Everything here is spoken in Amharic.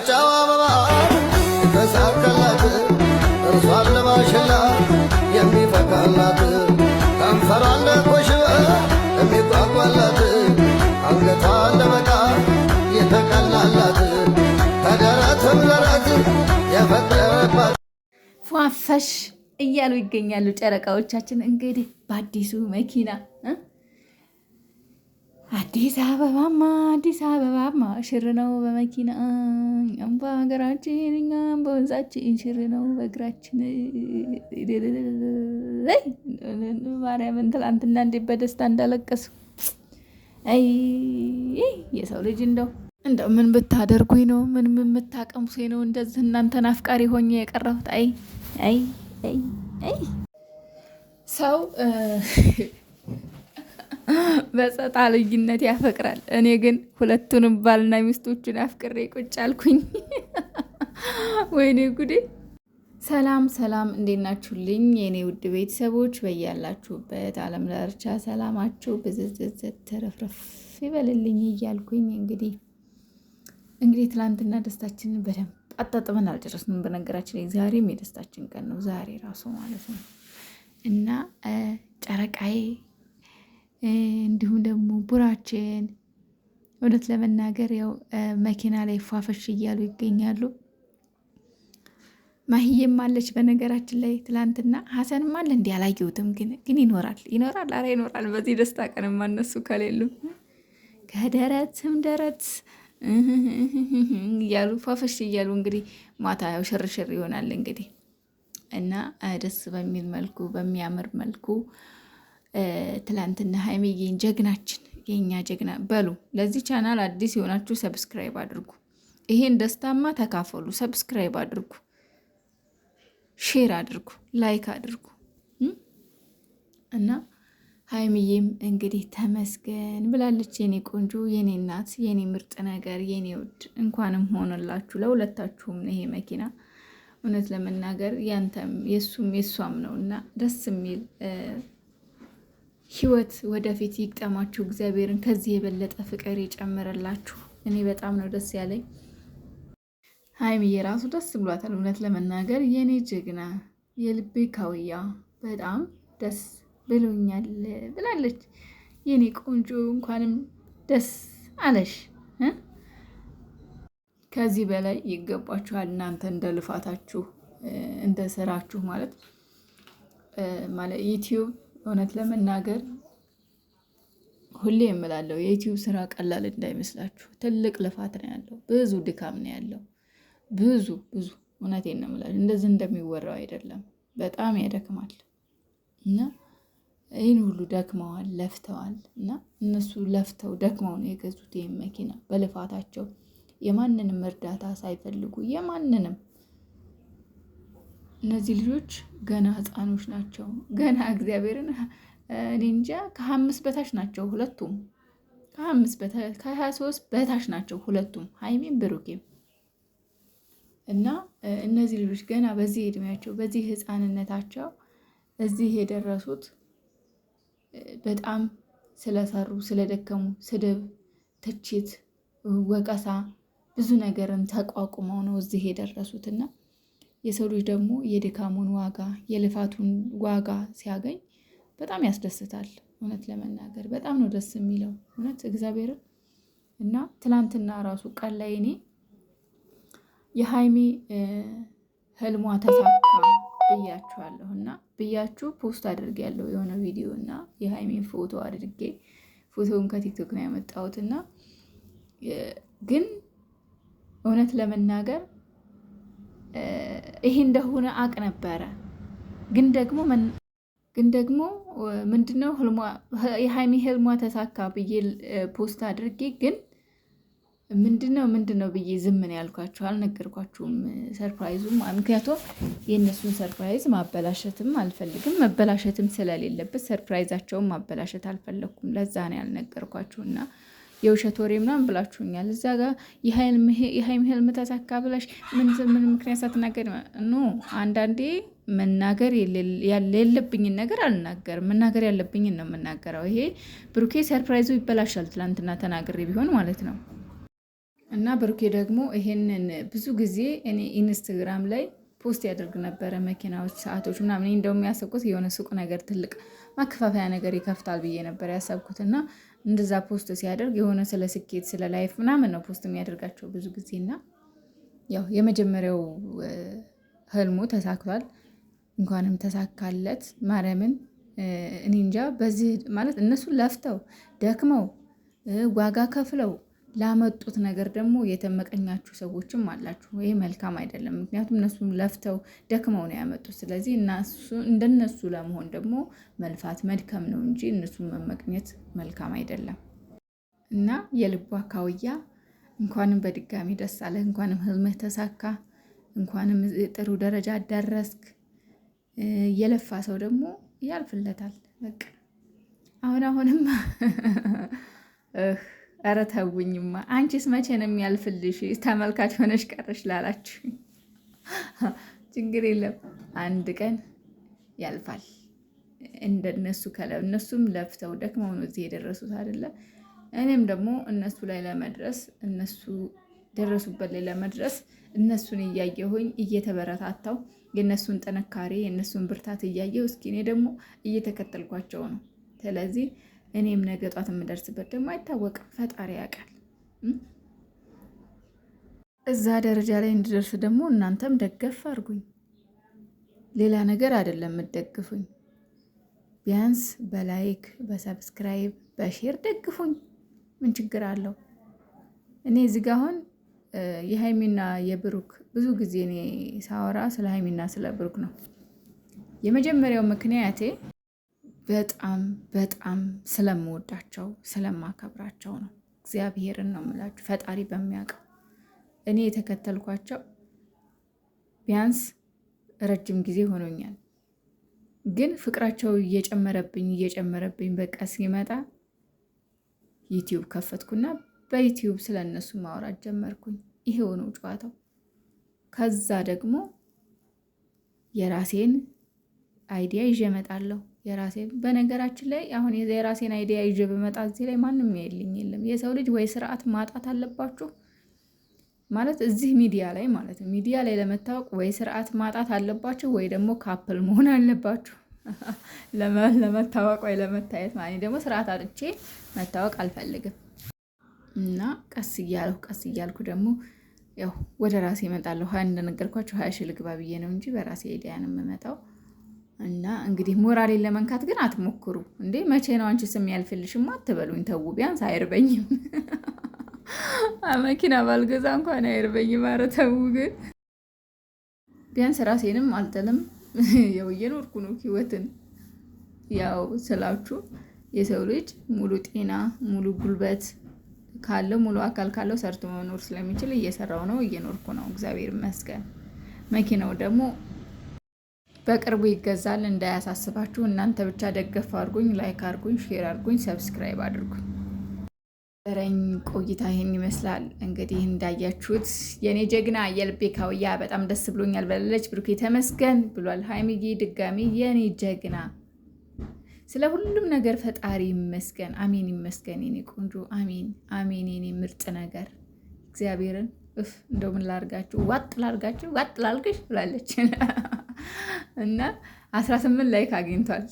የግራጫው አበባ የተሳካላት እርሷን ለማሸላ የሚፈካላት ከንፈሯን ለቆሽበ የሚጓጓላት አንገቷን ለመቃ የተቀላላት ከደረትም ለረት የፈጠረባት ፏፈሽ እያሉ ይገኛሉ ጨረቃዎቻችን እንግዲህ በአዲሱ መኪና አዲስ አበባማ አዲስ አበባማ ሽር ነው በመኪና እምባ ሀገራችን እኛም በወንዛችን ሽር ነው በእግራችን። ማርያምን ትላንትና እንዴት በደስታ እንዳለቀሱ። አይ የሰው ልጅ እንደው እንደው ምን ብታደርጉኝ ነው? ምን ምን ምታቀምሱ ነው? እንደዚህ እናንተን አፍቃሪ ሆኜ የቀረሁት። አይ አይ አይ ሰው በጸጣ ልዩነት ያፈቅራል። እኔ ግን ሁለቱንም ባልና ሚስቶቹን አፍቅሬ ቁጭ አልኩኝ። ወይኔ ጉዴ! ሰላም ሰላም፣ እንዴት ናችሁልኝ የእኔ ውድ ቤተሰቦች? በያላችሁበት አለም ዳርቻ ሰላማችሁ ብዝዝዝት ተረፍረፍ ይበልልኝ እያልኩኝ እንግዲህ እንግዲህ ትናንትና ደስታችንን በደንብ አጣጥመን አልጨረስንም። በነገራችን ላይ ዛሬም የደስታችን ቀን ነው። ዛሬ ራሱ ማለት ነው እና ጨረቃዬ እንዲሁም ደግሞ ቡራችን እውነት ለመናገር ያው መኪና ላይ ፏፈሽ እያሉ ይገኛሉ። ማህዬም አለች በነገራችን ላይ ትላንትና ሀሰንም አለ እንዲህ አላየሁትም፣ ግን ግን ይኖራል ይኖራል፣ አረ ይኖራል። በዚህ ደስታ ቀን ማነሱ ከሌሉ ከደረትም ደረት እያሉ ፏፈሽ እያሉ እንግዲህ ማታ ያው ሽርሽር ይሆናል እንግዲህ እና ደስ በሚል መልኩ በሚያምር መልኩ ትላንትና ሀይሚዬን ጀግናችን የኛ ጀግና በሉ። ለዚህ ቻናል አዲስ የሆናችሁ ሰብስክራይብ አድርጉ። ይሄን ደስታማ ተካፈሉ። ሰብስክራይብ አድርጉ፣ ሼር አድርጉ፣ ላይክ አድርጉ እና ሀይሚዬም እንግዲህ ተመስገን ብላለች። የኔ ቆንጆ፣ የኔ እናት፣ የኔ ምርጥ ነገር፣ የኔ ውድ እንኳንም ሆነላችሁ ለሁለታችሁም ይሄ መኪና እውነት ለመናገር ያንተም የሱም የሷም ነው እና ደስ የሚል ህይወት ወደፊት ይግጠማችሁ። እግዚአብሔርን ከዚህ የበለጠ ፍቅር ይጨምርላችሁ። እኔ በጣም ነው ደስ ያለኝ። ሀይሚዬ ራሱ ደስ ብሏታል። እውነት ለመናገር የኔ ጀግና፣ የልቤ ካውያ በጣም ደስ ብሎኛል ብላለች። የኔ ቆንጆ እንኳንም ደስ አለሽ። ከዚህ በላይ ይገባችኋል። እናንተ እንደ ልፋታችሁ እንደ ስራችሁ ማለት ማለት ዩቲዩብ እውነት ለመናገር ሁሌ የምላለው የዩቲዩብ ስራ ቀላል እንዳይመስላችሁ፣ ትልቅ ልፋት ነው ያለው፣ ብዙ ድካም ነው ያለው። ብዙ ብዙ እውነቴን ነው የምላለው፣ እንደዚህ እንደሚወራው አይደለም። በጣም ያደክማል እና ይህን ሁሉ ደክመዋል፣ ለፍተዋል እና እነሱ ለፍተው ደክመው ነው የገዙት ይህን መኪና በልፋታቸው የማንንም እርዳታ ሳይፈልጉ የማንንም እነዚህ ልጆች ገና ህፃኖች ናቸው። ገና እግዚአብሔርን እኔ እንጃ ከአምስት በታች ናቸው ሁለቱም ከአምስት በታች ከሀያ ሶስት በታች ናቸው ሁለቱም ሀይሜም ብሩኬም እና እነዚህ ልጆች ገና በዚህ እድሜያቸው በዚህ ህፃንነታቸው እዚህ የደረሱት በጣም ስለሰሩ ስለደከሙ፣ ስድብ፣ ትችት፣ ወቀሳ ብዙ ነገርን ተቋቁመው ነው እዚህ የደረሱት እና የሰው ልጅ ደግሞ የድካሙን ዋጋ የልፋቱን ዋጋ ሲያገኝ በጣም ያስደስታል። እውነት ለመናገር በጣም ነው ደስ የሚለው እውነት እግዚአብሔርን እና ትላንትና ራሱ ቀን ላይ እኔ የሀይሚ ህልሟ ተሳካ ብያችኋለሁ እና ብያችሁ ፖስት አድርጌ ያለው የሆነ ቪዲዮ እና የሀይሚን ፎቶ አድርጌ ፎቶውን ከቲክቶክ ነው ያመጣሁት እና ግን እውነት ለመናገር ይሄ እንደሆነ አቅ ነበረ። ግን ደግሞ ግን ደግሞ ምንድነው የሀይሚ ህልሟ ተሳካ ብዬ ፖስት አድርጌ ግን ምንድነው ምንድነው ብዬ ዝምን ያልኳቸው አልነገርኳችሁም፣ ሰርፕራይዙ ምክንያቱም የእነሱን ሰርፕራይዝ ማበላሸትም አልፈልግም፣ መበላሸትም ስለሌለበት ሰርፕራይዛቸውን ማበላሸት አልፈለግኩም። ለዛ ነው ያልነገርኳችሁና የውሸት ወሬ ምናምን ብላችሁኛል። እዛ ጋር የሀይም ህልም ተሳካ ብለሽ ምን ምክንያት ሳትናገር ኖ አንዳንዴ መናገር የሌለብኝን ነገር አልናገርም። መናገር ያለብኝን ነው የምናገረው። ይሄ ብሩኬ ሰርፕራይዙ ይበላሻል። ትላንትና ተናግሬ ቢሆን ማለት ነው። እና ብሩኬ ደግሞ ይሄንን ብዙ ጊዜ እኔ ኢንስትግራም ላይ ፖስት ያደርግ ነበረ። መኪናዎች፣ ሰዓቶች ምናምን እንደውም ያሰብኩት የሆነ ሱቅ ነገር ትልቅ ማከፋፈያ ነገር ይከፍታል ብዬ ነበር ያሰብኩት እና እንደዛ ፖስት ሲያደርግ የሆነ ስለ ስኬት ስለ ላይፍ ምናምን ነው ፖስት የሚያደርጋቸው ብዙ ጊዜ እና ያው የመጀመሪያው ህልሙ ተሳክቷል። እንኳንም ተሳካለት ማርያምን። እኔ እንጃ በዚህ ማለት እነሱ ለፍተው ደክመው ዋጋ ከፍለው ላመጡት ነገር ደግሞ የተመቀኛችሁ ሰዎችም አላችሁ። ይህ መልካም አይደለም። ምክንያቱም እነሱም ለፍተው ደክመው ነው ያመጡት። ስለዚህ እንደነሱ ለመሆን ደግሞ መልፋት መድከም ነው እንጂ እነሱን መመቅኘት መልካም አይደለም እና የልቦ አካውያ እንኳንም በድጋሚ ደስ አለ፣ እንኳንም ህልምህ ተሳካ፣ እንኳንም ጥሩ ደረጃ ደረስክ። የለፋ ሰው ደግሞ ያልፍለታል። በቃ አሁን እህ ኧረ ተውኝማ። አንቺስ መቼ ነው የሚያልፍልሽ? ተመልካች ሆነሽ ቀረሽ ላላችሁ ችግር የለም አንድ ቀን ያልፋል። እንደነሱ ከለብ እነሱም ለፍተው ደክመው ነው እዚህ የደረሱት አይደለ? እኔም ደግሞ እነሱ ላይ ለመድረስ እነሱ ደረሱበት ላይ ለመድረስ እነሱን እያየሁኝ እየተበረታታው የእነሱን ጥንካሬ የእነሱን ብርታት እያየሁ እስኪ እኔ ደግሞ እየተከተልኳቸው ነው። ስለዚህ እኔም ነገ ጧት የምደርስበት ደግሞ አይታወቅም፣ ፈጣሪ ያውቃል። እዛ ደረጃ ላይ እንድደርስ ደግሞ እናንተም ደገፍ አድርጉኝ። ሌላ ነገር አይደለም የምትደግፉኝ፣ ቢያንስ በላይክ በሰብስክራይብ በሼር ደግፉኝ። ምን ችግር አለው? እኔ እዚህ ጋ አሁን የሀይሚና የብሩክ ብዙ ጊዜ እኔ ሳወራ ስለ ሀይሚና ስለ ብሩክ ነው የመጀመሪያው ምክንያቴ በጣም በጣም ስለምወዳቸው ስለማከብራቸው ነው። እግዚአብሔርን ነው የምላችሁ፣ ፈጣሪ በሚያውቀው እኔ የተከተልኳቸው ቢያንስ ረጅም ጊዜ ሆኖኛል። ግን ፍቅራቸው እየጨመረብኝ እየጨመረብኝ በቃ ሲመጣ ዩትዩብ ከፈትኩና ስለ ስለነሱ ማውራት ጀመርኩኝ። ይሄው ነው ጨዋታው። ከዛ ደግሞ የራሴን አይዲያ ይዤ እመጣለሁ። የራሴ በነገራችን ላይ አሁን የራሴን አይዲያ ይዤ በመጣ እዚህ ላይ ማንም ያይልኝ የለም። የሰው ልጅ ወይ ስርዓት ማጣት አለባችሁ ማለት እዚህ ሚዲያ ላይ ማለት ነው። ሚዲያ ላይ ለመታወቅ ወይ ስርዓት ማጣት አለባችሁ ወይ ደግሞ ካፕል መሆን አለባችሁ ለመታወቅ ወይ ለመታየት ማለት ደግሞ ስርዓት አጥቼ መታወቅ አልፈልግም። እና ቀስ እያልሁ ቀስ እያልኩ ደግሞ ያው ወደ ራሴ እመጣለሁ። ሀያ እንደነገርኳቸው ሀያ ሺህ ልግባ ብዬ ነው እንጂ በራሴ አይዲያ ነው የምመጣው። እና እንግዲህ ሞራሌን ለመንካት ግን አትሞክሩ። እንዴ መቼ ነው አንቺ ስም ያልፍልሽማ አትበሉኝ። ተዉ ቢያንስ አይርበኝም። መኪና ባልገዛ እንኳን አይርበኝም። ኧረ ተዉ ግን ቢያንስ ራሴንም አልጠልም። ያው እየኖርኩ ነው ህይወትን። ያው ስላችሁ የሰው ልጅ ሙሉ ጤና ሙሉ ጉልበት ካለው ሙሉ አካል ካለው ሰርቶ መኖር ስለሚችል እየሰራው ነው፣ እየኖርኩ ነው። እግዚአብሔር ይመስገን። መኪናው ደግሞ በቅርቡ ይገዛል። እንዳያሳስባችሁ። እናንተ ብቻ ደገፍ አድርጉኝ፣ ላይክ አድርጉኝ፣ ሼር አድርጉኝ፣ ሰብስክራይብ አድርጉኝ። ረኝ ቆይታ ይህን ይመስላል እንግዲህ እንዳያችሁት የእኔ ጀግና የልቤ ካውያ በጣም ደስ ብሎኛል በላለች። ብሩኬ ተመስገን ብሏል። ሀይሚጌ ድጋሚ የእኔ ጀግና ስለ ሁሉም ነገር ፈጣሪ ይመስገን። አሜን ይመስገን የኔ ቆንጆ አሜን አሜን የኔ ምርጥ ነገር እግዚአብሔርን እፍ እንደምን ላርጋችሁ፣ ዋጥ ላርጋችሁ፣ ዋጥ ላልግሽ ብላለች። እና 18 ላይክ አግኝቷል።